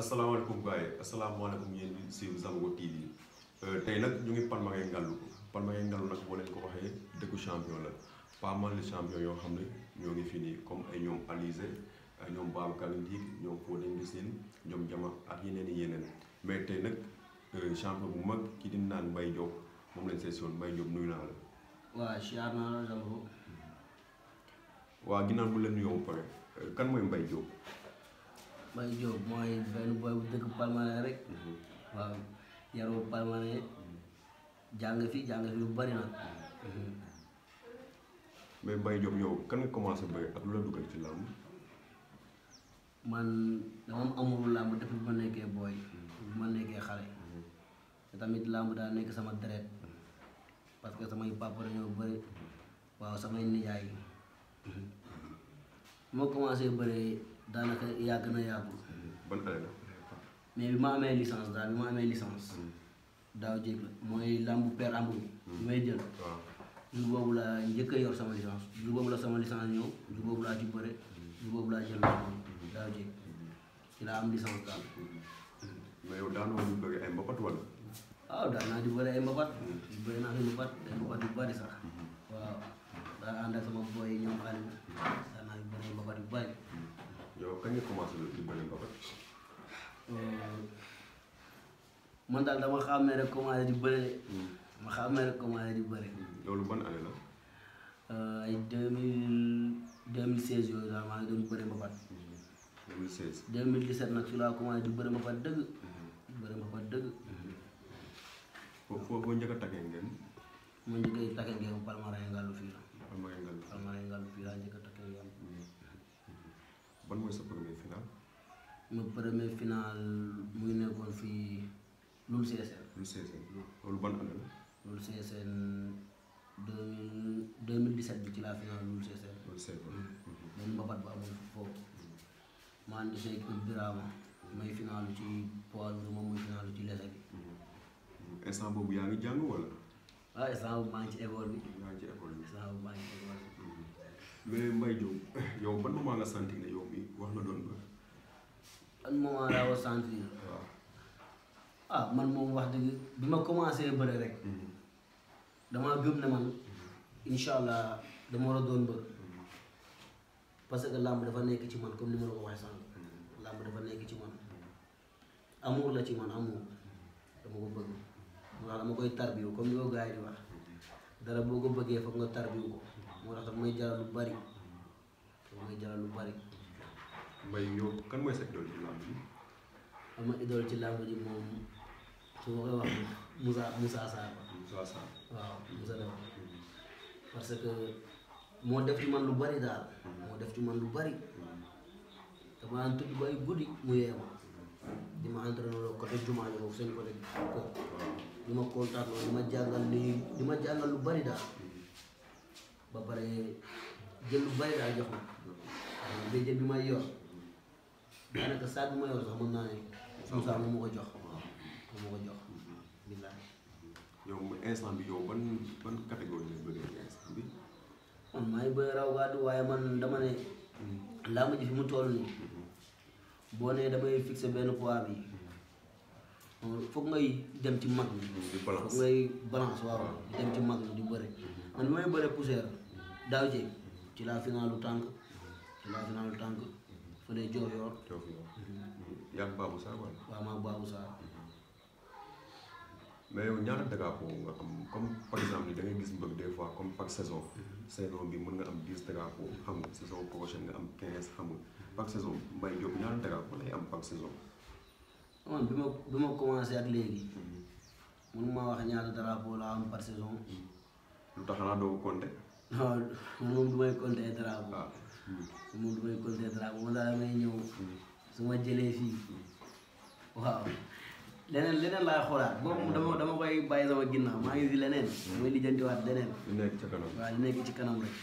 asalaamaaleykum gars yi asalaamaaleykum yéen ñi suivre Zambro euh, tey nag ñu ngi Palmarin Ngallou Palmarin Ngallou nag boo leen ko waxee dëkku champion la pas mal champion yoo xam ne ñoo ngi fii nii comme ay ñoom Alizé ñoom Babacar Ndiig ñoom Fodé Ndissine ñoom Jama ak yeneen i yeneen mais tey nag euh, champion bu mag ki di naan Mbaye Diop moom lañ session Mbaye Diop nuyu naa la. waaw siyaar naa la Zambro. leen nuyoo ba pare euh, kan mooy mbay Diop. Mbaye Diop mooy benn boy bu dëkk Palmarin rek mhm. waaw yaroo Palmarin jàng fi jàng fi lu bari na. Mhm. mais Mbaye Diop yow kan nga commencé bëgg ak lu la dugal ci làmb. man dama amul làmb depuis bu ma nekkee booy mhm. bu ma nekkee xale te tamit làmb daa nekk sama deret parce que samay papa dañoo bëri waaw samay nijaay yi. moo commencé bëree. daanaka yàgg na yàggul. ban année la. mais bi ma amee licence daal bi ma amee licence. Hmm. daaw jéeg la mooy làmbu per amul. Hmm. bi may jël. waaw laa njëkk yor sama licence jour la sama licence ñëw jour boobu laa ci bëre hmm. jour boobu laa jël làmbu daaw jéeg ci laa am licence daal. mais yow daanoo ñu bëri ay mbapat wala. waaw ah, daan naa di bëri ay mbapat. di bëri naa fi mbapat ay mbapat yu bëri sax. waaw daan ànd sama boy ñoom Aliou daan naa di bëri ay mbapat yu bëri. yow kañ nga commencé di bañ mbapat man daal dama xàmmee rek commencé di bëri ma xàmmee rek commencé di bëri loolu ban année la ay 2016 yooyu daal maa ngi doon 2016 2017 nag ci commencé di bëri mbapat dëgg bëri mbapat dëgg foo foo njëkk a takkee ngeen ma njëkk a ngeen palmarin la palmarin palmarin ban mooy sa premier final. ma premier final mu ngi nekkoon fii Loul Sessène. Loul Sessène loolu ban année la. Loul Sessène deux deux mille dix-sept bi ci laa final Loul Sessène. Loul Sessène. Mm. benn mbapat mm. ngi seeg Birama. ci poids lourd moom mooy final ci léger bi. Mm. instant boobu yaa ngi jàng wala. waaw ah, instant boobu maa ci école bi. maa ngi ci école bi. mais Mbaye eh, Diop yow ban moment nga sentir ne yow bi ah man moom wax dëgg bi ma commencé bëre rek. Mhm. dama gëm ne man mhm. incha allah dama war a doon mbër mhm. parce que làmb dafa nekk ci man comme ni ma la ko waxee sànq làmb dafa nekk ci man amour la ci man amour dama ko bëgg moo tax koy tarbiwu comme ni ko di wax dara boo ko bëggee nga tarbiwu ko. moo tax daf may jaral lu bari daf may jaral lu bari. Mbaye yow kan mooy sa idole ci làmb ji. ama idole ci waaw parce que moo def ci man lu bari daal. moo def ci man lu bari. dama daan tudd ba ay guddi mu yee ma di ma entraîné loo côté jumaa ji foofu seen côté ko di ma kontaan loolu di ma jàngal li ma jàngal lu bari daal. ba pare jël lu bari daal jox ma waaw béjjën bi may yor daanaka saag bi ma yor sax mën naa ne Moussa moom moo ko jox moom moo ko jox instant bi yow ban ban catégorie nga bëgg instant bi man maa raw gàddu waaye man dama ne hmm. laa ma ji fi mu toll nii hmm. boo nee damay fixé benn poids bi foog ngay dem ci mag ñi. di balance foog ngay balance waaw dem ci mag ñi di bëri. man bi may bëre poussière daaw jéeg ci laa finaalu tànk ci laa finaalu tànk fële Diop yor. Diop yor mhm. yaa ngi Babou Sarr wala. waaw maa Babou Sarr. Mhm. mais ñaata dagapo nga am comme par exemple da gis mbëgg des fois comme par saison mhm. saison bi mën nga am dix dagapo xam nga saison prochaine nga am quinze xam nga am par saison. man bi ma bi ma commencé ak léegi mun mm-hmm. maa wax ñaata daraa laa am par saison. Mm-hmm. lu tax naa doo compter. non moom du may compter drapeau. waaw ah. mm-hmm. moom may ñëw. su ma jëlee fii waaw leneen leneen laay xoolaat boobu dama dama koy bàyyi sama ginnaaw maa ngi si leneen. mooy lijjantiwaat leneen. li nekk ci kanam waaw li nekk ci kanam rek.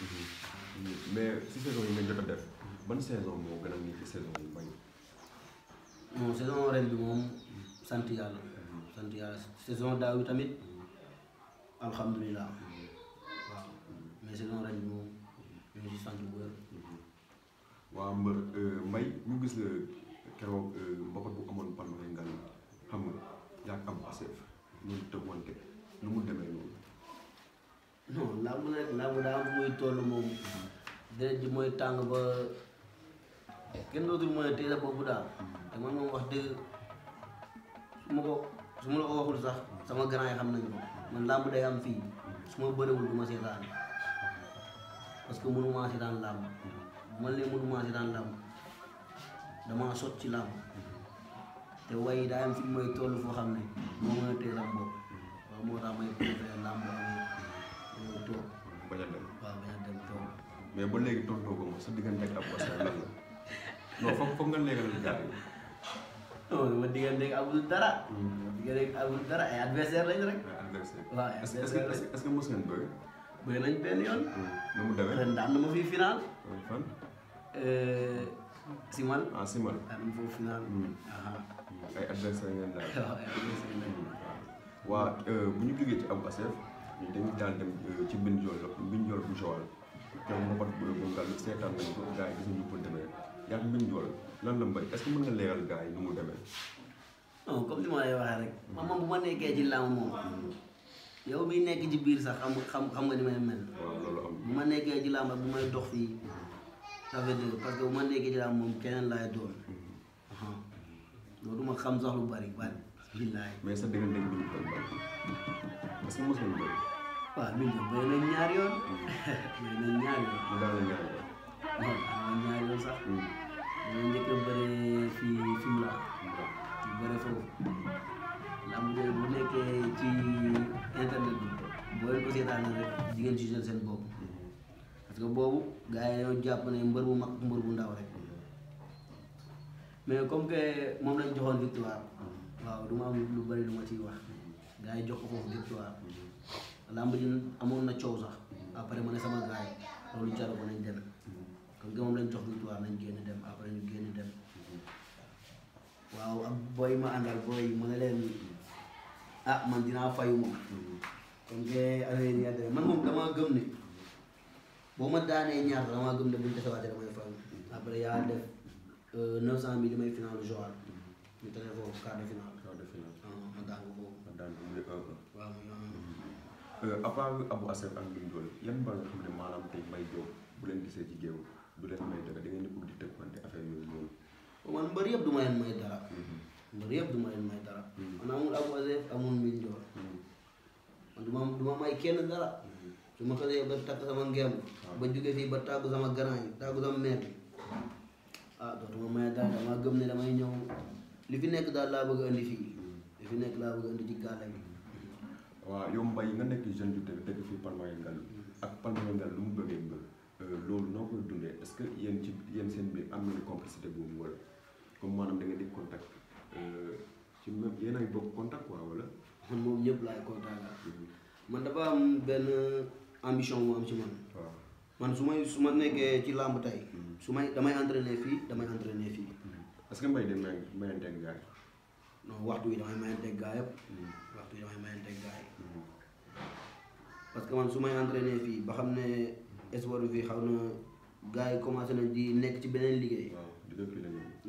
mais si saison yi nga jot a def ban saison moo gën a nii saison yi. bon saison ren bi moom sant yàlla sant yàlla saison daaw tamit alhamdulilah mais saison ren bi moom ñu ngi euh, gis keroog euh, mbapat bu amoon palmarin ngal xam nga yaa am aseef ñu tëb wante lu mu demee loolu. non làmb rek làmb daa am muy toll moom mm-hmm. deret ji mooy tàng ba kenn dootul mooy téye sa daal. man moom wax dëgg su ko la waxul sax sama grand yi xam nañu ko man làmb day am fii su ma bëriwul du parce que mënu maa seetaan làmb man lee mënu maa seetaan làmb damaa sot ci làmb te way daa am fi may toll foo xam ne moo mën a téye sama bopp waaw may dem dem mais ba ko sa ak la nga dama digganteeg amul dara. digganteeg amul dara ay adversaire lañ rek. Eh, adversaire lañ est que mos ngeen bëgg. bëgg nañ benn yoon. nu mu demee ren daan na fi final. Hmm, eh, Simal. ah Simal. daan ah, ma foofu final. Hmm. ay hmm, eh, adversaire ngeen daal. waaw ay adversaire waaw bu ñu jógee ci Abou Assef ñu dañuy daal dem ci Mbinjool Mbinjool bu Joal. te mu mën ko bëgg a bëgg a seetaan nañ ko yi gis nañu ko demee yaa Mbinjool. lan la mbay est-ce que mën nga leeral gars yi nu mu demee. non comme ni ma lay rek. man ma nekkee ci làmb moom. yow miy nekk ci biir sax am xam xam nga ni may mel. bu ma nekkee ci làmb bu may dox fii. ça veut dire parce bu ma nekkee ci làmb moom keneen laay doon. loolu ma xam sax lu bari bari. billaay mais sa diggante bi ñu koy bari parce que mosul bëri. waaw ñaar yoon. Hmm. bëri nañ ñaar yoon sax. Hmm. fii Fimela bu nekkee ci internet bi ci seen bopp parce que boobu jàpp ne mbër bu mbër bu ndaw rek mais moom lañ joxoon victoire waaw du ma am lu bëri lu ma ciy wax gars yi jox ko foofu victoire lamb ji amoon na coow sax après ma ne sama gars yi loolu jaru ko nañ dem xam nga moom lañ jox victoire nañ génn dem après ñu génn dem waaw ak yang ma àndal booy mu ne leen ah man dinaa fayu moom comme que affaire yi demee man moom damaa gëm ne boo ma daanee ñaar damaa gëm ne buñ desewaatee damay fayu après yaa def 900 mille may final joal ñu tane foofu quart de final quart de final ma apa? ko foofu ma daan ko eh, muy waaw muy à part Abou Assef ak Ndoye yan ba nga xam ne maanaam tey Mbaye bu leen gisee ci géew du leen may dara da ngeen di bëgg di tëggante yooyu noonu. man mbër yëpp du ma leen may dara. Mhm. mbër yëpp du ma leen may dara. Mhm. man amul Abou Azef amul Mindior. Mhm. man du may kenn dara. su ma xasee ba takk sama ngemb. ba jóge fii ba tàggu sama ganaay tàggu sama mère. ah dootuma may dara dama gëm ne damay ñëw li fi nekk daal laa bëgg a indi fii. li fi nekk laa bëgg a indi ci gàlle bi. waaw yow Mbaye nga nekk jeune ju dëkk fii Palmarin Gallo ak Palmarin Euh, loolu noo koy dundee est-ce que yéen ci yéen seen biir am nañu complicité boobu wala comme maanaam da nga contact euh, ci même yéen ay bokk contact quoi wala. man moom ñëpp laay contact mm-hmm. man dafa am benn ambition mu am ci man. man su may su ma nekkee ci làmb tey. Mm-hmm. su may damay entraîner fii damay entraîner fii. parce mm-hmm. que mbay de may mayanteeg gars yi. non waxtu bi damay mayanteeg gars yëpp. waxtu bi damay mayanteeg gars yi. parce que man su may entraîner fii ba xam ne. espoir bi fii xaw na gars yi commencé nañ di nekk ci beneen liggéey.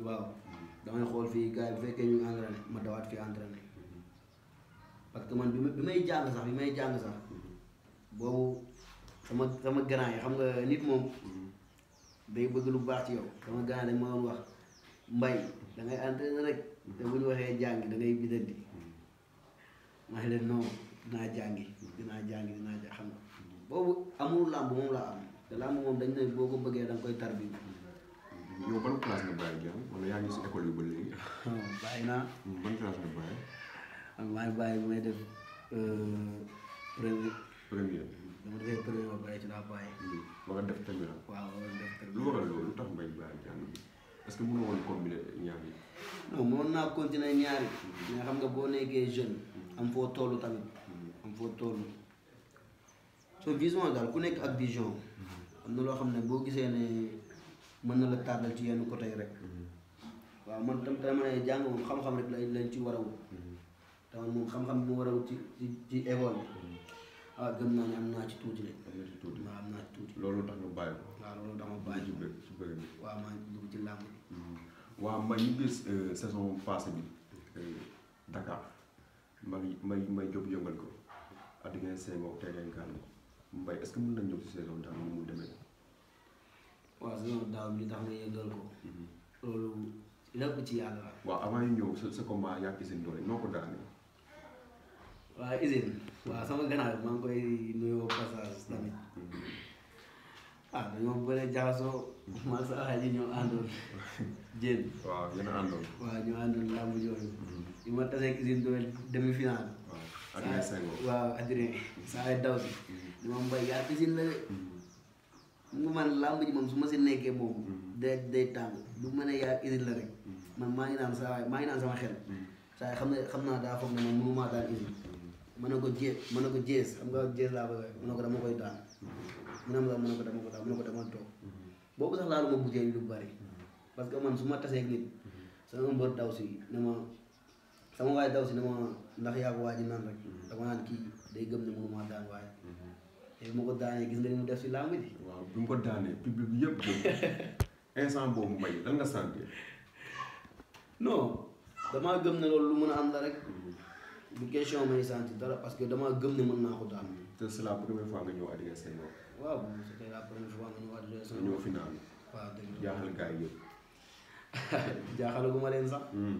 waaw mm-hmm. damay xool fii gars yi bu fekkee ñu ngi entraîné ma dawaat fii entraîné mm-hmm. parce que man bi bi may jàng sax bi may jàng sax mm-hmm. boobu sama sama grand yi xam nga nit moom bay bëgg lu baax ci yow sama grand dañ ma wax mbay da ngay entraîné rek te bu ñu waxee jàngi da ngay biddanti maa ngi leen non dinaa jàngi dinaa jàngi dinaa jàng xam nga boobu amul làmb moom laa am te làmb moom dañ ne boo ko bëggee da nga koy tarbi. yow ban classe nga bàyyi jàng wala yaa ngi si école naa. ban classe euh, la. Hmm. waaw ba nga bi nga hmm. xam nga boo nekkee jeune. Hmm. am foo toll tamit. am foo toll. so vision daal ku nekk ak vision am na loo xam ne boo gisee ne mën na la tàggal ci yenn côté rek waaw man tam dama ne jàng moom xam-xam ci war a wut xam-xam bi mu war a ci ci ci ah, ne am naa ci tuuti de. am naa tuuti am naa ci tuuti. loolu tax nga bàyyi ko. waaw loolu tax nga bàyyi ko ci ci bëri bi. waaw maa ngi ci làmb bi. Hmm. waaw man ñu gis euh, saison passée bi euh, Dakar may may may jóg yëngal ko. Adrien Senghor tey ngeen gàllankoor. Mbaye est-ce que mën nañ ñëw ci mu demee. waaw saison daaw bi li tax na yeggal ko. Mhm. loolu lépp ci yàlla la. waaw avant ñu ñëw sa yaa ngi seen doole ko daanee. waaw usine waaw sama gànnaaw maa ngi koy nuyoo passage tamit mhm. ah dañoo bëre mhm. ñoo àndoon jéem. waaw yéen a ma taseeg usine doon demi final. waaw Adrien Senghor saa ay si. li ma mbay yaa pisin la de mu man làmb ji moom su ma si nekkee moom day day tàng du ma yaa usine la rek man maa ngi naan maa ngi naan sama xel saa yi xam ne xam naa daa foog ne man mënumaa daan usine ma ne ko jees ma ne ko jees xam nga jees laa bëgg ma ne ko mu ne ma ko dama ko daan mu ne ko dama toog boobu lu bari parce que man su ma tasee ak nit sama mbër daw si ne ma sama waay daw si ne ma ndax yaa ko waaj naan rek dama naan kii day gëm ne mënumaa daan waaye bi ma ko daanee gis nga ni mu def si làmb ji. waaw bi mu ko daanee public bi yëpp instant boobu mbay lan nga sentir. non damaa gëm ne loolu lu mën a am la rek. bu mm-hmm. question may sentir dara parce que damaa gëm ne mën naa ko daan. te c'est la première fois nga ñëw adressé seen bopp. waaw c'était la première fois nga ñëw adressé seen nga ñëw final. waaw dëgg la jaaxal gars yi leen sax. Mm.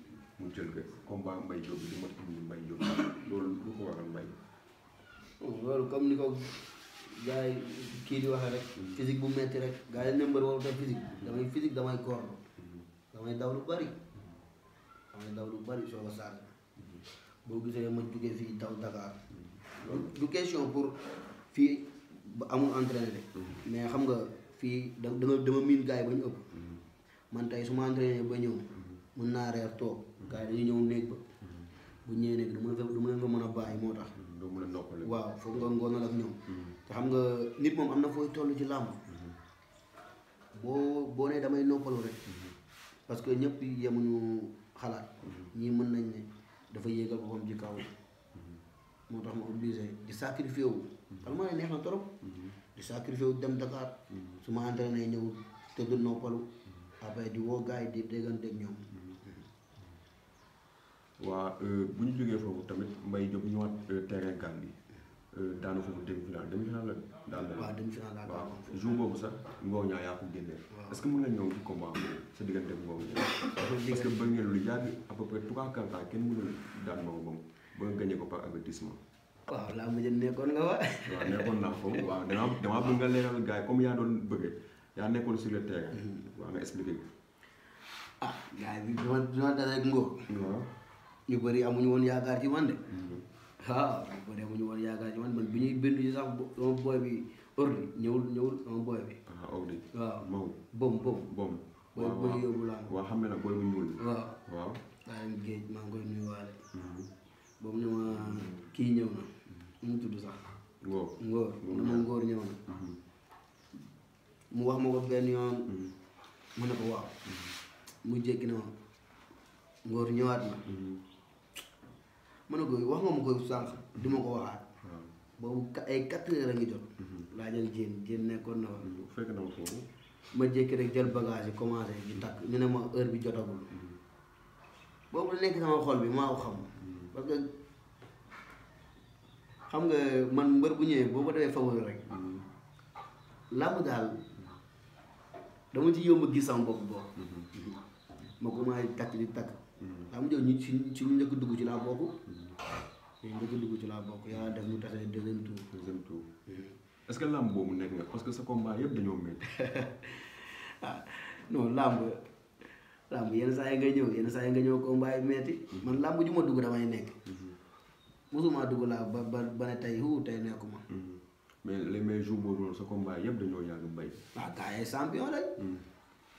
mu jël ko combat Mbaye ma tudd Mbaye Diop loolu lu ko waral Mbaye. Oh, loolu comme ni ko gars yi kii di waxee rek. Mm. physique bu metti rek gaa yi nëmbar warut a physique. Mm. damay physique damay góorlu. Mm. damay daw lu bari. damay daw lu bari soo ko saal. boo gisee ma jugee fii daw Dakar. du question pour fii ba amul entraîné mais xam nga fii da dama dama miin gars yi ba ñu ëpp. man tey su ma ba ñëw. mun naa reer toog mm-hmm. gars yi ñëw néeg ba mm-hmm. bu ñëwee néeg du mën fa du mën fa mën a bàyyi moo tax mm-hmm. waaw foog nga ngoonal ak ñoom te xam nga nit moom am na fooy toll ci làmb boo boo nee damay noppalu rek parce que ñëpp yemuñu xalaat ñii mën nañ ne dafa yéegal boppam ci kaw moo tax ma obligé di sacrifié wu xam nga neex na trop di sacrifié wu dem Dakar su ma entraîné ñëw tëdd noppalu après di woo gars yi di déggante ñoom waa euh, bu ñu jógee foofu tamit Mbaye Diop ñëwaat euh, terrain Gambie euh, daanu foofu demi-finale demi-finale la daal la. waaw demi-finale sax Ngor ñaa yaa ko génnee. est-ce ñëw ci combat bi sa diggante ak Ngor ñaa. parce ba ngeen lu yàgg à peu près nga gagné ko par avertissement. waaw laa mujj nekkoon nga wa. waaw nekkoon naa foofu waaw damaa damaa bëgg nga leeral gars yaa doon bëggee le terrain. Mm-hmm. waaw nga ah gars yi bi ma bi ma dara yu bëri amuñu woon yaakaar ci man de mm-hmm. waaw ñu bëri amuñu woon yaakaar ci man man bi ñuy bindu sax sama boy ordi ñëwul ñëwul sama boy ah, ordi waaw moom bom bom bom boy bu ñu yóbbu laa waaw xam mm-hmm. na boobu ne ma kii ñëw na ñu mm-hmm. tudd sax ngóor ngóor ne ma ngóor ñëw na mu wax mu ne ko waaw mu jékki na ma ne ko wax nga ma ko sànq du ma ko waxaat. Hmm. boobu ay quatre heures a ngi jot. Hmm. laajal jéen jéen nekkoon hmm. na ma foofu. ma jékki rek jël bagage yi commencé di takk ñu ne ma heure bi jotagul. boobu nekk sama xol bi maa ko xam. xam nga man mbër bu ñëwee boo ko defee favori rek. làmb daal dama ci yomb gis sama bopp boobu. ma commencé takk di takk. daa mujj ñu dugg ci laa bokk. ñu njëkk dugg ci laa bokk yaa def ñu tase deuxième tour. deuxième tour est-ce que làmb boobu nekk nga parce que sa combat yëpp dañoo métti. ah non yenn saa yi nga ñëw yenn saa yi nga ñëw combat yi métti. man làmb ju ma dugg damay nekk. mosuma dugg laa ba ba ba ne tey hu tey nekkuma. mais les meilleurs jours boobu noonu sa combat yëpp dañoo yàgg mbay. waaw ah, gars yi champion lañ. Hmm.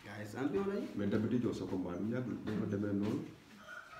gars yi champion lañ. mais d'habitude yow sa combat bi yàgg dafa demee noonu.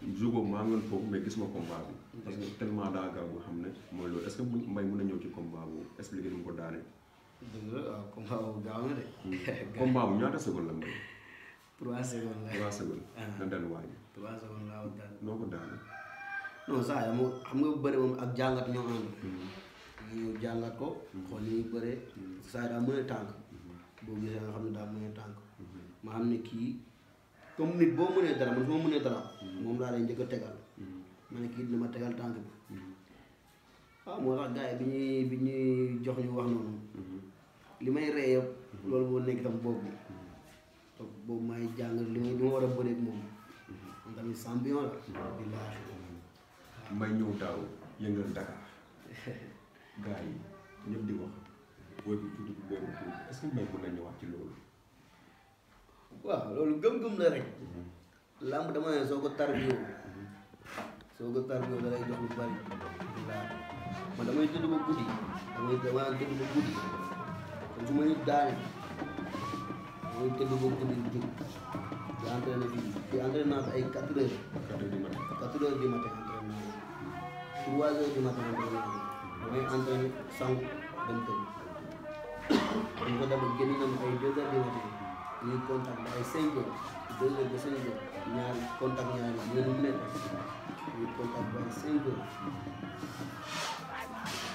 jour boobu maa ngi woon foofu mais gis ma combat bi. parce que tellement a gaaw nga xam ne mooy loolu est ce que mbay mën na ñëw ci combat boobu expliqué mu ko daanee. dëgg na de. Hmm. saa ah. yi xam nga bu bëri moom ak jàngat ñoo ànd. Hmm. jàngat ko. Hmm. xool ni ñu bëree. saa yi daa mën a tànk. boo gisee nga xam ne daa mën a tànk. ma xam ne kii. comme nit boo mënee dara man su ma mënee dara hmm. moom laa lay njëkk a tegal hmm. ma ne kii dina ma tegal tànk bi waaw hmm. ah, moo tax gars yi bi ñuy bi ñuy jox ñu wax noonu li may ree yëpp loolu boo nekk tam boobu boobu may jàng li may li ma war a bëreeg moom man tamit champion la billaahi may ñëw daaw yëngal Dakar gars yi di wax booy bu tudd booy est-ce que may mën na ñëwaat ci loolu waaw loolu gëm-gëm la rek mhm. làmb dama ne soo ko tarbiyoo mhm. soo bari waaw damay tëdd guddi damay damay tëdd guddi kon su ma nit daane damay tëdd ba di jóg di entraîné di entraîné naa fi ay quatre heures quatre heures du matin quatre heures du matin entraîné naa trois heures du damay entraîné na ma ay ñuy contact ba ay 5 heures 2 heures ba 5 heures ñaari contact ñaari ñoom ñu nekk ñuy contact ba ay 5 heures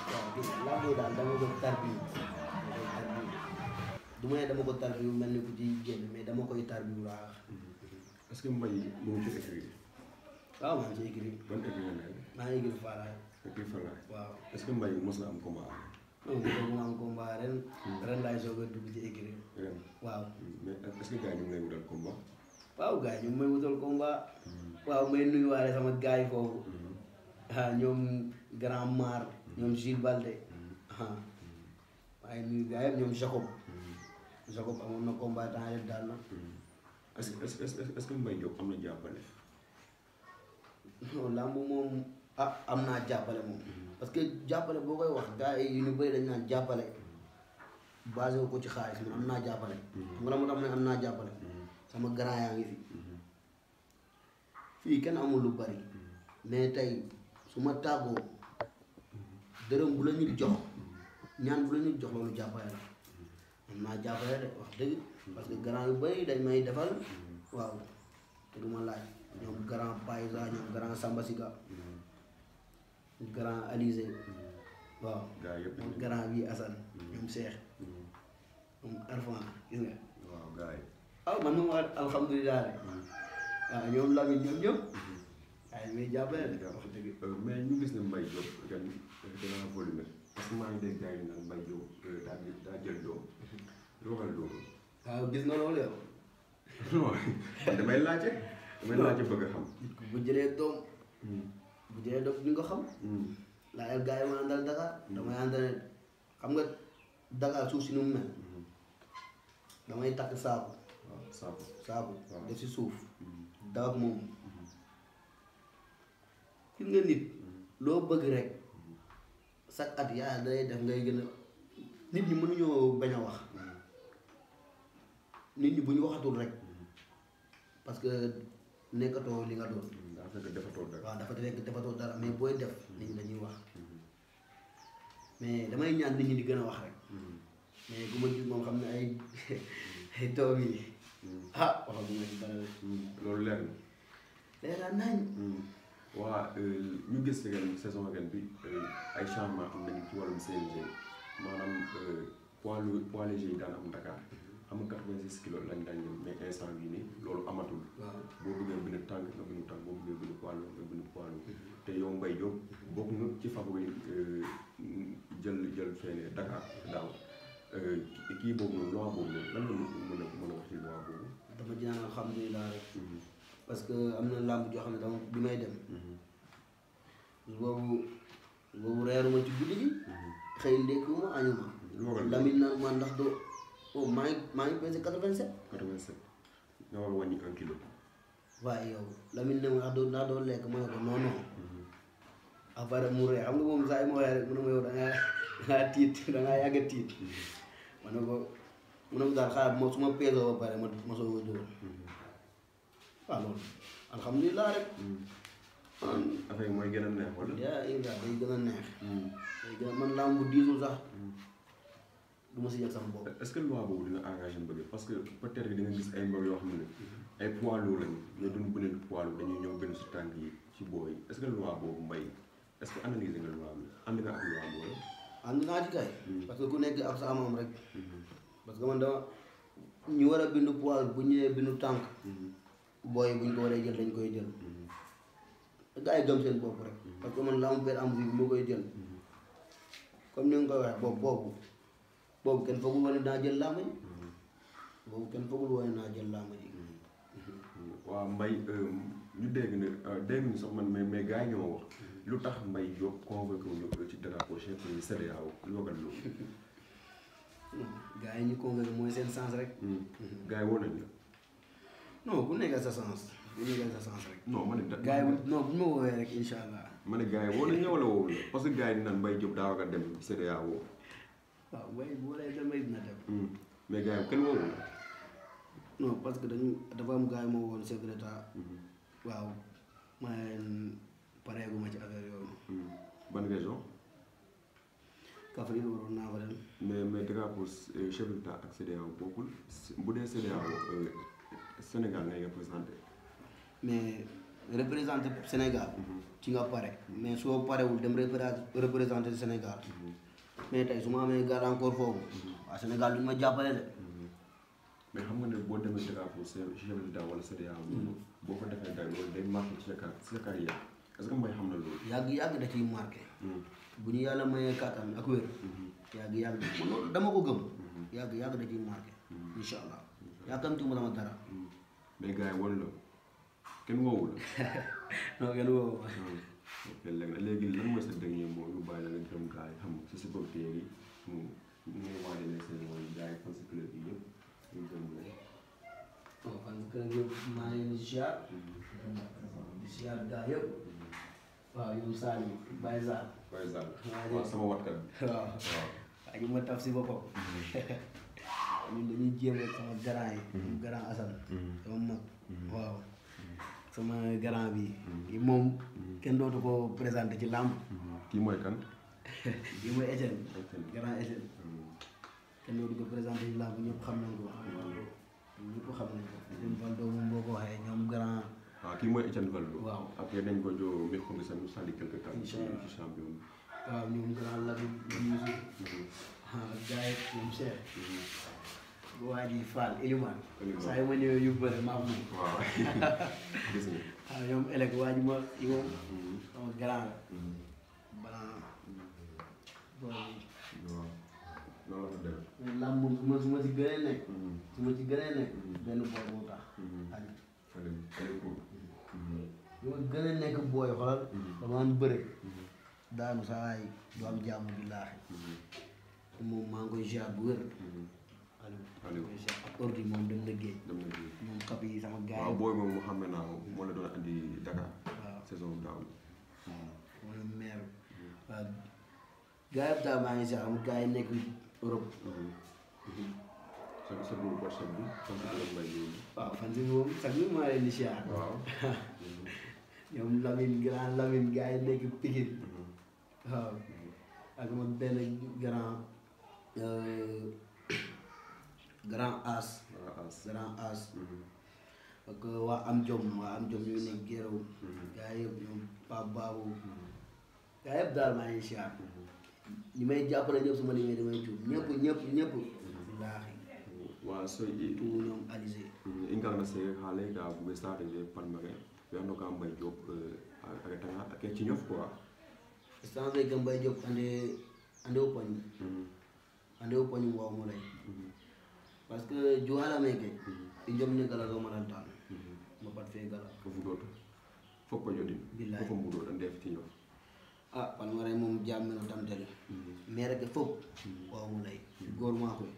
waaw gis nga làmb daal dama ko tarbiyu dama koy tarbiyu du ma ne dama ko tarbiyu mel ni ku ciy génn mais dama koy tarbiyu laa est-ce que mbay moo ci écrit waaw maa ngi ci écrit ban écrit nga nekk maa ngi écrit Falaay écrit Falaay waaw est-ce que mbay mos na am combat boobu nga am combat ren. Hmm. ren laay soog a dugg ci écurie. ren waaw. mais est-ce que gars yi ñu wutal combat. waaw gars yi wutal combat. Hmm. waaw may nuyuwaale sama gars foofu. Hmm. ñoom Grand ñoom Gilles Balde. nuyu gars ñoom Jacob. Jacob amoon na combat temps daal na. est-ce que est-ce que Mbaye am na jàppale. non làmb moom. am naa jàppale moom parce que jàppale boo koy wax gars yi ñu bëri dañ naan jàppale basé wu ko ci xaalis man am naa jàppale xam nga la moo tax ma ne am naa jàppale sama grand yaa ngi fi fii kenn amul lu bari mais tey su ma tàggoo dërëm bu la ñu jox ñaan bu la ñu jox loolu jàppale la am naa jàppale de wax dëgg parce que grand yu bëri dañ may defal waaw te du ma laaj ñoom grand Paysa ñoom grand Samba Siga grand Alizé mm-hmm. waaw grand bi Assane ñoom mm-hmm. Cheikh ñoom mm-hmm. Arfan gis nga waaw gars yi ah man moom wax alhamdulilah waaw ah, ñoom Lamine ñoom ñëpp waaye may jàppale euh, mais ñu gis ne Mbaye Diop ren dana volume jël doom lu waxal loolu waaw ah, gis nga loolu damay laajte damay laajte bëgg a xam bu jëlee doom bu jëlee donc ñu ko xam. ndax el gars yi ma àndal Dakar. damay hmm. àndal xam nga kan Dakar suuf si nu mu mel. damay takk saabu. waaw saabu saabu. def si suuf. daw ak moom. ki nga nit. loo bëgg hmm. rek chaque at yaa day def ngay gën a nit ñi mënuñoo bañ a wax. nit ñi bu waxatul rek parce que nekkatoo li nga doon. fekk defatoo dara waaw dafa fekk defatoo dara mais booy def. nit ñi dañuy wax. Mm-hmm. mais damay ñaan nit ñi di gën a wax rek. Mm-hmm. mais bu ma gis moom xam ne ay mm-hmm. ay doom yi. Ah, loolu leer na. leeral nañ. waa euh, ñu gis ne saison ren bi euh, ay changement am nañu ci wàllum CNG maanaam euh, poids poids yi daan am Dakar. xam nga 86 kilos lañ daan ñëw mais instant bii nii loolu amatul. boo bëggee bind tànk nga bind tànk boo bëggee bind poids nga bind poids te yow Mbaye Diop euh, euh, boobu noonu boobu noonu lan la mën a mën a wax ci loi boobu. dama jàng alhamdulilah rek. Mhm. que am bi may dem. Mhm. boobu reeruma ci guddi mhm. xëy ndékkuma añuma. Lamine naan ma ndax oh maa ngi maa ngi pesé quatre vingt quatre vingt nga a waaye yow Lamine ne ma doo daa doo lekk ma ne ko non non. après mu ree xam nga moom saa yi ma waxee rek mu ne ma yow da ngaa da ngaa tiit da yàgg a tiit. ma ne ko mu ne ko daal xaaral ma su ma peesoo ba pare ma ma soog a rek. Mm-hmm. affaire yi mooy gën a neex wala. yaa ngi day gën a neex. Mm-hmm. day gën a man làmb bu diisul sax. Mm-hmm. du si yàgg sama bopp. est-ce que loi boobu dina engagé mbëri parce que peut-être di nga gis ay mbër yoo xam ne ay poids lourds lañu mais duñu bëri poids lourds dañuy benn su tànk yi ci booy yi est-ce que loi boobu mbay est-ce que analyser naa ci kay. Hmm. parce que ku nekk ak sa amam rek. Hmm. parce que man dama ñu war a bindu poids bu ñëwee bindu tànk. Hmm. booy yi bu jël dañ koy jël. gaa yi gëm parce que man la am am bi koy jël. comme ni nga ko boobu. boobu kenn foogul woon naa jël làmb ji hmm. boobu kenn foogul woon naa jël làmb ji. Hmm. waaw Mbaye euh, ñu dégg ne euh, dégg ñu sax man mais mais gars ñoo wax hmm. lu tax mbay Diop convoqué wu ñu euh, ci drapeau chef rek. gars nekk sa sens. bu ñu sa sens rek. non man de. gars yi non bu ma woowee rek incha allah. ma ne gars woo nañ ñëw la woo la parce que gars yi naan Mbaye Diop daa war a dem CEDEAO wai wai da mai na dab mai ga kan wo no parce que dañ dafa am gaay mo won chef de l'état waaw man pareegu ma ci affaire yooyu ban région Kaffrine waroon naa fa dem mais mais danga pour chef de l'état ak CEDEAO bokkul bu dee CEDEAO Sénégal ngay représenté mais représenté Sénégal ci nga pare mais soo parewul dem représenté Sénégal mais tey su ma amee gàllankoor foofu waa Sénégal duñu ma jàppale de. mais xam ne boo demee drapeau chef d'État wala boo ko defee day loolu day marqué sa sa carrière est-ce que Mbaye xam na loolu. yàgg yàgg da ciy marqué. Hmm. bu ñu yàlla mayee kàttan ak wér. Hmm. yàgg yàgg loolu dama ko gëm. Hmm. yàgg yàgg da ma marqué. incha allah yàkkamti mu dara. mais gars yi wàllu kenn woowu la. kenn woowu léegi lan mooy sa dernier mot ñu bàyyi la nga gërëm gars yi xam nga sa supporter yi mu ñu waajalee seen wàllu gars yi fan si club yi yëpp ñu gërëm leen. waaw fan si club yëpp maa ngi leen di ziar. Mhm. di ziar gars yëpp. Mhm. waaw yow Sadio Baye Zane. Baye Zane waaw sama watkat bi. waaw waaw ñu ma taf si boppam. Mhm. ñun dañuy jéem sama grand yi. grand Assane. sama mag waaw. sama grand bi moom kenn dootu ko présenté ci lamb ki moy kan kii mooy Étienne kan? grand Étienne kenn dootu ko présenté ci lamb ñëpp xam nañ ko ñëpp xam nañ ko Étienne Valdo moom boo ko waxee ñoom grand waaw ah, kii mooy Étienne Valdo waaw ye dañ ko jox mi xom sax ñu sànni quelque temps ci ci champion bi waaw grand la bi ñu ha gaay yi cher وادي فال إليمان ساي ما نيو يوبر ما بني واو يوم إلك وادي ما يوم يوم جران بلان بلان loolu la ko demee. não não não ma su ma si gënee não su ma si gënee nekk. benn boor não tax. Aliou. Aliou Aliou Koungheul. su ma não a nekk booy xoolal. dama am bëre. não saa waay du am jàmm bi laaxi. não maa ngi Aliou ak ordi moom dem na géej. dem na géej moom xab yi sama gars yi. la fan si moom sax ni maa leen di siyaar. waaw. ñoom Lamine grand Lamine gars yi nekk Pikine. Mhm. Mhm. ak ma benn grand. Euh, grand as. grand as mm-hmm. waa am jom waa am jom ñu nekk Géraw. Mm-hmm. gaa yëpp ñoom Pape Babou. Mm-hmm. gaa yëpp daal maa ngi siyaar. ñi may jàppale ñëpp su ma limee damay tuub ñëpp ñëpp ñëpp. baax waaw so i tu ñoom alisé ingalna sege ha leyga ɓe sarede palmare ɓe anndo ka mbay job aretana ake ciñof quoi stange ga mbay job ande ande o pañum ande o pañum wawmo lay parce que juwalameke mm-hmm. i jomni galaga manan tan ma pat fe gala mm-hmm. ko fuɗoto foppo joɗin fofo mbuɗoɗo ndeftiñof a ah, pan waray moom jammino tamtel mm-hmm. maire ke fop wawamu lay goor ma koy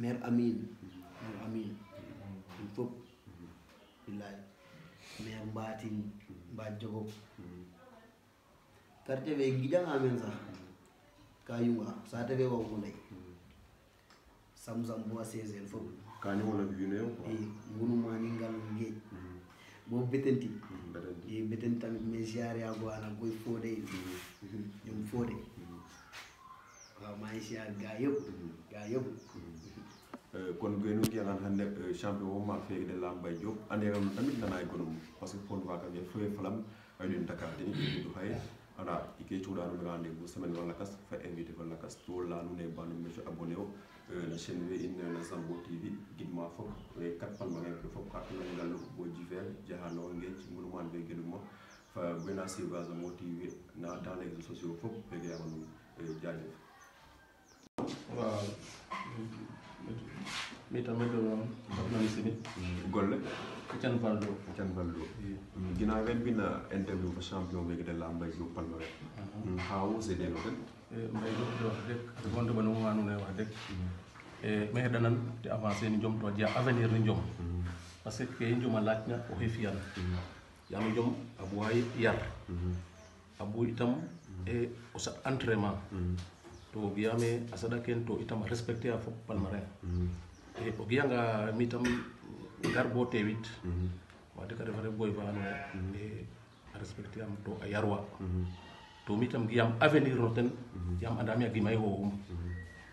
maire amine maire amine ɗum fop billahi maire mbatin mba jogo quartier fe sax ka yunga sate fe wawamu lay samzambo asezeni fof kañum wona wiinoyo quoi eh, wonuma ni ngal ngeej mm-hmm. bo betenti e betenti tamit mais siare ago ya ana koye foode en mm-hmm. ñom foode waaw maa ngi siyaar gaa yëpp gaa yëpp eh, kon gënu ki ala hande champion ma fe de lamba job ande ram tamit nana gonum parce que fon waka be fe falam ayun dakar de ni du hay ala ike chudanu ngande bu semaine wala kas fa invité wala kas to la nu ne banu me abonné Euh, la chaîne wi innona Zambo TV gidma fof e katpanmahenɓe fof hakkunangal boji feere jahano gueji gurmanɓe gueɗuma fa wona suiva Zambo TV na dans les sociaux fof ɓe geyamon jajef waaw mi tamit journaliste ni golle ko ko can balɗo guina mm, ren mbina interview ko champion ɓe gueɗe lambaji yo palmaret ha mbay lu di wax rek ak gonte ba nu mu waanu lay wax rek mais danan te avancer ni jom to dia avenir ni jom parce que jom laaj na o hefiyan yam jom abu way yar abu itam e o sa entraînement to biyame asada ken to itam respecter a fo palmarin e o giyanga mitam gar bo tewit wade ka defare boy fa ano e respecter am to a to tam giam avenir roten ten mhm. yam andam ya gimay houm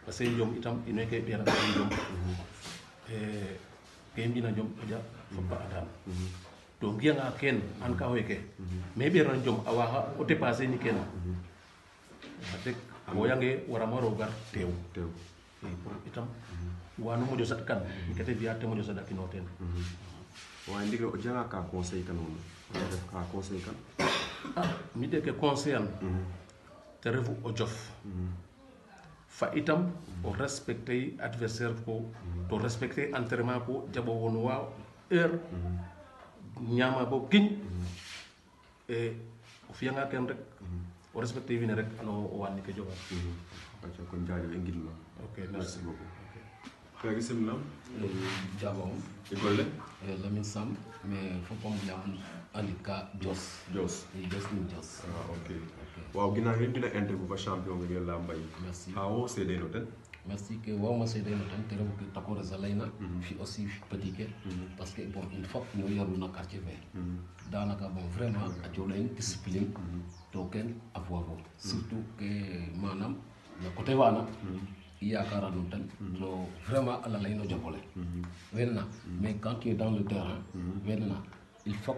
parce que jom itam ino ke biara ko jom e ke mi na jom ja foppa mhm. adam to mhm. nga ken an ka hoyke me biara jom awaha o passé ni ken atek yange wara maro gar tew tew eh, pour itam wanu mojo sat kan kete biya te mojo sat akino ten wa ndiga o janga ka conseil kan wono ka conseil kan miɗe ah. ko conseil am mm-hmm. te refu o jof mm-hmm. fa itam o respectey adversaire ko mm-hmm. to respecte entraînement ko jaɓo won waaw heure ñaama bo giñ e o fiyanga ken rek o respecté wine rek ano o wanni ke joga aca kon jaajo Alika Dios. Dios. Justin Dios. Ah, ok. waaw gina yéen dina interview ba champion nga ngeen laa mbay. merci awo c'est ten. merci que wawma seedeeno ten te refu ke takor a salayna fi mhm. aussi petit ke mhm. parce que bon in fop no na quartier vert. Mhm. danaka bon vraiment a cooɗa in discipline to ken a surtout que manam na côté fana i a num tan to vraiment a lalayno jofole wena mais quand tu es dans le terrain wena il faut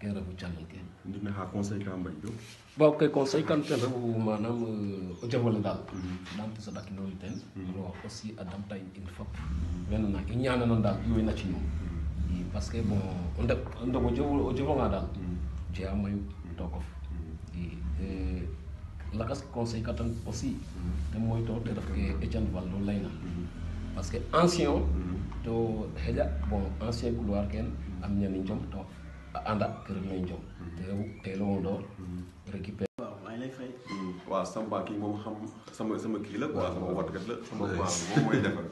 ken refu callel ke ndine ha conseil ka mbañ ɗo bon koye conseil kam ten refu manam o jafole dal damte so ɗakinori ten ro aussi a damta in in fop maintenant i ñananan dal iwe nacino mm-hmm. i parce que bon o ndeb ndego o jofanga dal jeya mayu tokof mm-hmm. i euh, lakas conseil ka tan aussi ten mm-hmm. moyto te ref ke Etienne Valdo layna parce que ancien to xeƴa bon ancien couloir ken am ñani jom to ànd ak kër may njom mm-hmm. te tey la woon door mm-hmm. récupérer waaw maa ngi lay fay mm-hmm. waaw Samba kii moom xam sama kii la waaw sama watkat la sama waaw moom mooy defar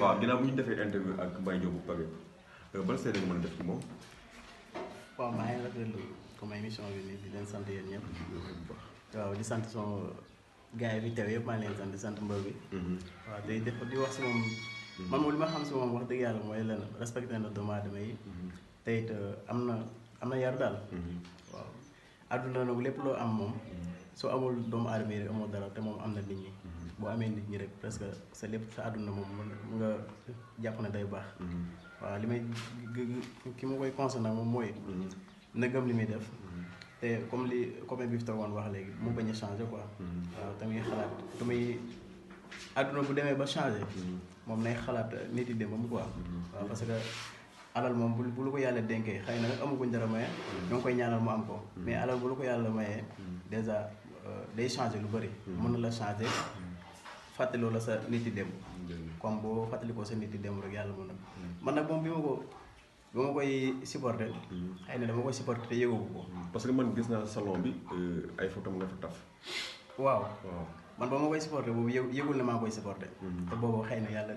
waaw ginnaaw bu ñu defee interview ak Mbaye a def ci moom waaw bi nii di leen sant yéen ñëpp waaw di sant sama gars yi bi teew yëpp maa ngi leen sant di sant mbër bi waaw day def di wax si moom man moom li te euh, am na am na yar daal. Mhm. waaw àdduna nag lépp loo am moom. Mhm. soo amul doomu aadama yi rek amoo dara te moom am na nit ñi. Mhm. boo amee nit ñi rek presque sa lépp sa àdduna moom mu nga jàpp na day baax. waaw li may ki mu koy conseillé nag moom mooy. na gëm li muy def. te comme li comme bi fi toogoon wax léegi mu bañ a changé quoi. waaw tamit xalaat tamit àdduna bu demee ba changé. moom nay xalaat nit yi dem ba mu quoi. waaw parce que. alal moom bu bu lu ko yàlla denkee xëy na nag amaguñ dara maye mm. ñoo ngi koy ñaanal mu am ko mm. mais alal bu lu ko yàlla mayee mm. déjà euh, day changer lu bari mën na la changer fàttaloo la sa nit yi démb comme boo fàttalikoo sa nit yi rek yàlla mën na man nag moom bi ma ko bi ma koy supporté xëy na dama koy supporté te yëgogu ko parce que man gis naa salon bi euh, ay photo nga fa taf waaw man ba ma koy supporté boobu yëgul ne maa koy supporté te boobu xëy yàlla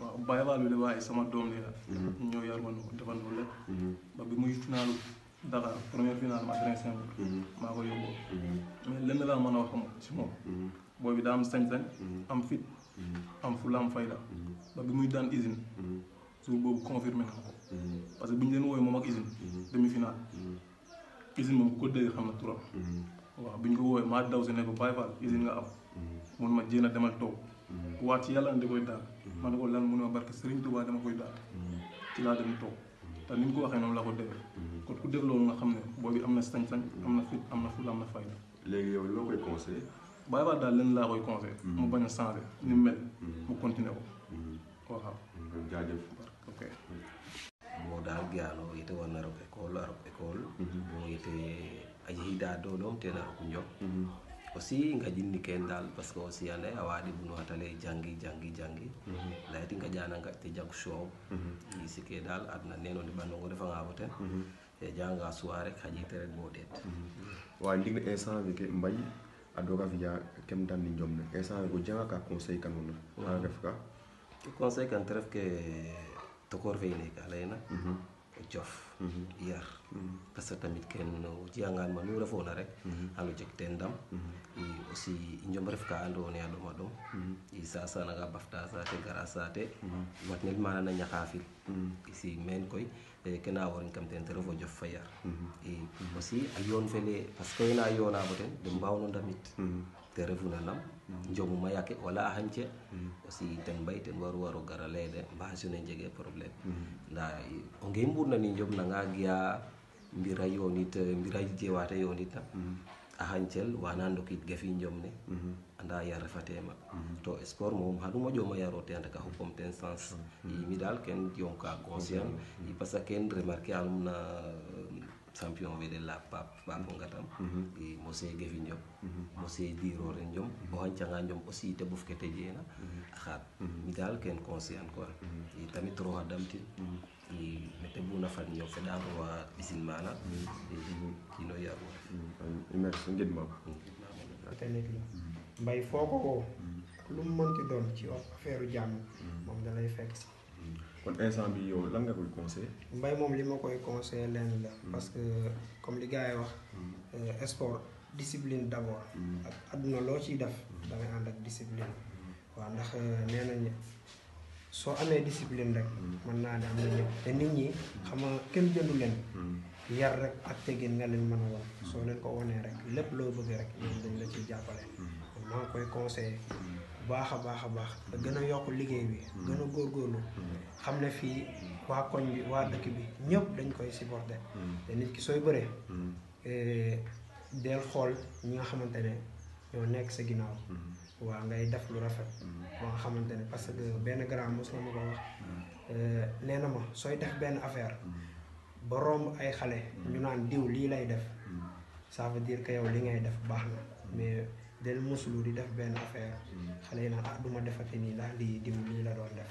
waaw Baye Fall waaye sama doom li la. Mhm. ñoo yar woon mhm. ba bi muy final Dakar première final ma train simple. Mhm. maa ko yóbboo. mais lenn laa mën a moom. booy bi daa am sañ-sañ. am fit am fulla am fayda. ba bi muy daan usine. jour boobu confirmé na ko. parce que bi ñu leen woowee moom ak usine. demi final. usine moom ku ko dégg xam na turam. waaw bi ñu ko woowee maa daw si ne ko Baye Fall usine nga am. mun ma jéem a demal toog. waat ci yàlla da koy daal ma ne ko lan mun a barke Serigne Touba dama koy daal ci laa dem toog te ni ñu ko waxee noonu la ko defee kon ku def loolu nga xam ne boobu am na sañ-sañ am na fit am na ful am na fayda léegi yow loo koy conseillé bàyyi baat daal leen laa koy conseillé mm-hmm. mu bañ a changé ni mu mel mm-hmm. mu continuer ko mm-hmm. waaw jaajëf ok mo dal geyalo yete wonno arok école arok école mo yete aji hiiɗa dow ɗon tena arok jom aussi nga jinni ken dal parce que aussi ande a waɗi bunu hatale jangi jangi jangi mhm. layti mhm. mhm. nga jananga te jag show i sike dal adna nenode defa nga ten e janga soire haƴite rek bo wa ndig ne instant ke mbay a doga fiya kem danni ne instant ko janga ka conseil wona a ref ka conseil kan te ref ke tokor feyne ka layna o jof Mm-hmm. yar mm-hmm. parce que tamit ken o jiyangan ma nu refoona rek xano mm-hmm. jeg teen ndam i njom ref ka ando a ɗoma ɗom i sasananga bafta saate gara saate watnel mana na ñaxa fil si meen koy e, ke na warin kam ten te refo jof fa yar i aussi a yoon fele parce que wena yoona fo ten den mbawno ndamit te refuna nam jomum mm. mm. mm. ya ma yake wala hanche o ten bay ten waru waro gara si ne jege problem nda o ngey ni jom nga giya mbira yonit mbira jewata yonita a hancel wana kit gafi jom ne anda yar refatema to sport mom haɗuma ya rote anda ka huppom ten sans. yimi dal ken ka conscient i parce ken na champion weɗella bafo gatam e mo seege fiñjom mo seedirore jom o hancaga jom aussi te ɓof kete jeena a mm-hmm. xaat mm-hmm. mi dal ken conseil an quoi i tamit roxa damtin mm-hmm. mete buna fan ñow feɗam wa ɓisin mana kino yaru merci ngidmam teleg la mbay foko ko lum mënti ci affaire u jàmm moom dalay fekk si kon instant bi yow lan nga koy conseillé. mbay moom li ma koy conseil leen la. Hmm. parce que comme li gars yi wax. Hmm. Euh, sport discipline d' abord. Hmm. ak àdduna loo ciy def. da ngay ànd ak discipline. waaw ndax euh, nee nañ soo amee discipline rek. mën naa ne am na ñëpp te nit ñi xam kenn jëndu leen. yar rek ak teggin nga leen mën a wan soo leen ko wanee rek lépp loo bëgg rek ñoom dañ la ciy jàppale. maa ngi koy conseillé. baax a baax a baax. gën a yokk liggéey bi. gën a góorgóorlu. xam ne fii waa koñ bi waa dëkk bi ñëpp dañ koy supporter mm. te nit ki sooy bëree mm. e, del xool ñi nga xamante ne ñoo nekk sa ginnaaw mm. waa ngay def lu rafet ba nga xamante ne parce que benn grand mos na ma ko wax e, nee na ma sooy def benn affaire ba romb ay xale ñu naan diw lii lay def ça veut dire que yow li ngay def baax na mais del muslu di def benn affaire xale yi naan ah duma defati nii ndax lii diw lii la doon def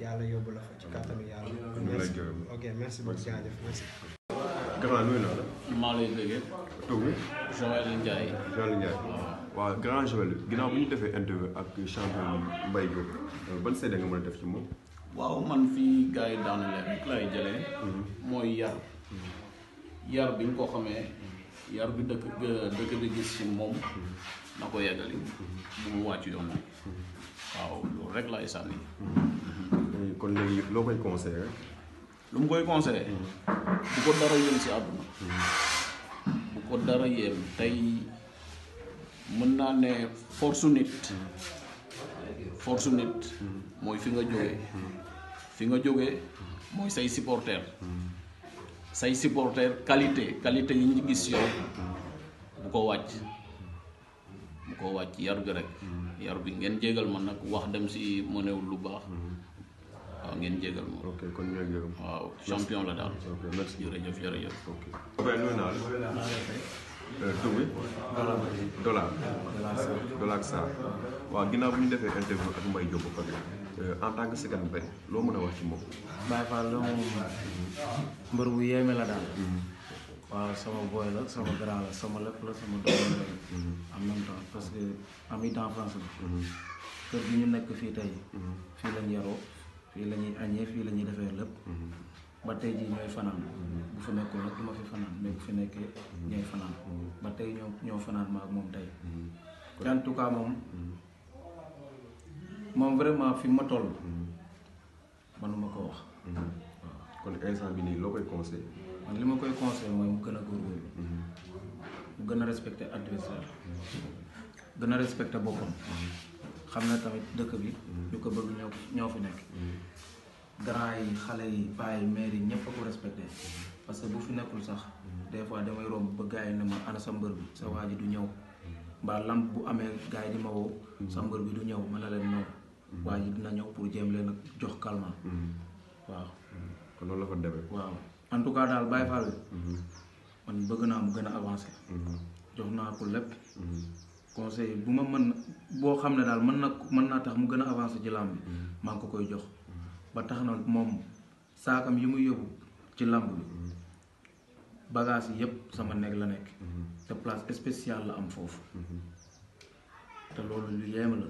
yàlla yóbbu la fa ci kàttanu yàlla. merci ok merci beaucoup jaajëf merci. grand nuyu la. maa lay déggee. Togo. Joël Ndiaye. Joël grand Joël ginnaaw bu ñu interview ak champion Mbaye Diop euh, ban seede nga mën def ci moom. waaw man rek lay mhm. yar. Mhm. yar bi ko yar bi dëkk dëkk bi gis ci moom. Mhm. na ko bu mu yoon. waaw rek kon léegi loo koy conseillé rek. lu mu koy conseillé. Mm-hmm. bu ko dara yéem si àdduna. Mm-hmm. bu ko dara yéem tey mën naa ne force nit. Mm-hmm. force nit. mooy fi nga jóge fi nga jóge mooy say supporter say supporter qualité qualité yi ñu gis bu ko wàcc bu ko wàcc yar bi rek yar bi ngeen jégal ma nag wax dem si monewul lu baax waaw ngeen jégal ma ok kon ngeen jégal ma waaw champion la daal ok merci jërëjëf jërëjëf ok ben nuyu naa la euh, tur bi dollar dollar sar waaw ginnaaw bu ñu defee interview ak mbay jóg ba euh, en tant que sigan bay lo mën a wax ci moom Baye Fall loo moom bu yéeme la daal mhm. waaw sama boy la sama grand la sama lépp la sama doom la mhm. en même temps parce que ami d'enfance la mhm. kër gi ñu nekk fii tey fii lañ yaroo fii la ñuy añee fii la ñuy defee lépp mm-hmm. ba tey jii ñooy fanaan mm-hmm. bu fi nekkul nag du ma fi fanaan mais bu fi nekkee mm-hmm. ñooy fanaan ba tey ñoo ñoo fanaan maak moom tey en tout cas moom moom vraiment fi ma toll ma ko wax kon instant bi nii loo koy conseil man li ma koy conseil mooy mu gën a góorgóorlu mu gën a respecté adversaire gën a respecté boppam xamna tamit dekk bi mm. ñu ko bëgg ñoo ñoo fi nekk mm. grand yi xalé yi paa mère yi ñepp ko respecté mm. parce que bu fi nekkul sax des fois damay romb ba gaay na ma ana sa mbeur bi sa waji du ñew ba lamp bu amé gaay di ma wo sa mbeur bi du ñew ma la leen ñëw waji dina ñew pour jëm leen ak jox calme waaw kon loolu la fa débé waaw en tout cas dal Baye Fall mm-hmm. man bëgg na mu gëna avancer avancé mm-hmm. jox naa ko lepp mm-hmm. conseil bu ma mën boo xam ne daal mën na mën naa tax mu gën a avancé ci làmb bi mm-hmm. maa ngi ko koy jox ba tax na moom saakam yi muy yóbbu ci làmb bi mm-hmm. bagage yi yëpp sama nekk la nekk mm-hmm. te place spéciale la am foofu te loolu lu yéeme la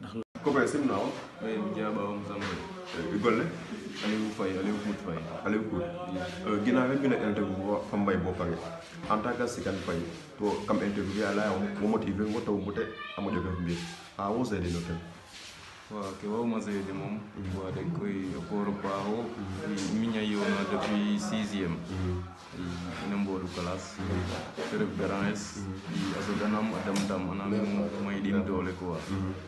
ndax la ko bay simnaaw bay jaabawam sama golle Aliou Faye Aliou Kout Faye Aliou Kout euh, ginnaaw yëpp ñu la interview fam mbay boo pare en tant que Sikane to kam interview ala wo motivé wo taw mbote amo joge mbi a wo zede no tan waaw ke wo ma zede moom wa de koy koor baaxo miña yoona depuis sixième ina mboolu classe ref garanes mm-hmm. i aso ganam a dam dam anam may din doole quoi mm-hmm.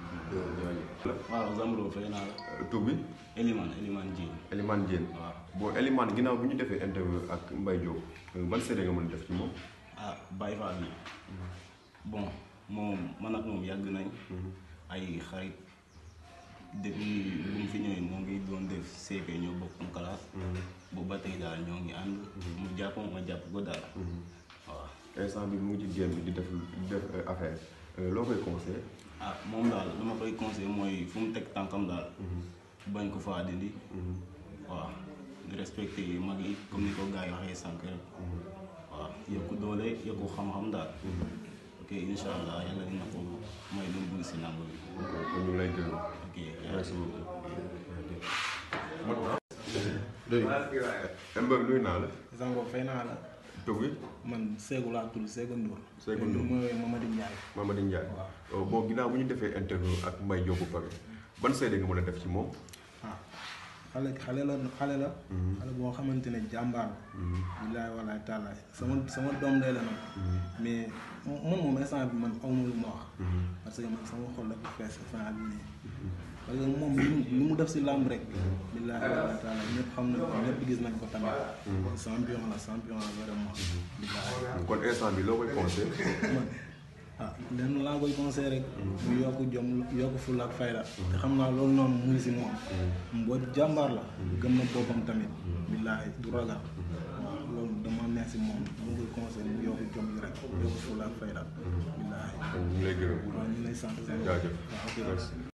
waaw euh, bi. Elimane Elimane Diène. Elimane Diène. waaw bon Elimane ginnaaw bi ñu defee interview ak Mbaye Diop euh, ban seede nga mën a def ci moom. ah Baye Fall bi bon moom man ak moom yàgg nañ. Mhm. ay xarit depuis bu mu fi ñëwee moo ngi doon def CP ñoo bokk classe. Mhm. boobu ba tey daal ñoo ngi ànd. Mhm. mu jàpp ma jàpp ko daal. waaw instant bi mu ngi ci di def di def euh, affaire loo koy conseillé. ah moom daal lu koy conseillé mooy fu mu teg tànkam daal. Mhm. bañ ko faa dindi. Mhm. waaw di respecté mag yi comme ni ko gars yi waxee sànq rek. Mhm. waaw yokku doole yokku xam-xam daal. ok incha allah yàlla dina ko may lu mu si làmb bi. kon ñu lay jëloon. ok fay naa la. tur bi. man Seegu laa tudd Seegu Ndour. Seegu Ndour te mooy ma Ndiaye. Mamady Ndiaye waaw oh, bon ginnaaw bu ñu defee interview ak Mbaye Diop ba pare ban seede nga mën a def ci moom. ah xale xale la xale la. Mm-hmm. xale boo xamante ne jàmbaar la. Mm-hmm. bilaay walaay sama sama doom day la nag. Mm-hmm. mais man moom instant bi man aw ma ma wax. parce que man sama xol dafa fees instant bi parce euh, que moom lu mu def si làmb rek. billaahi wa taala ñëpp xam na ko ñëpp gis nañ ko tamit. champion la champion la vraiment. billaahi kon instant bi loo koy conseil ah lenn laa koy conseil rek. Mm-hmm. mu yokk jom yokk fulla naa loolu noonu mu ngi si mm-hmm. la. Mm-hmm. gëm na boppam tamit. billaahi du ragal. waaw ak fayda. billaahi. ñu ngi lay gërëm. waaw ñu ngi lay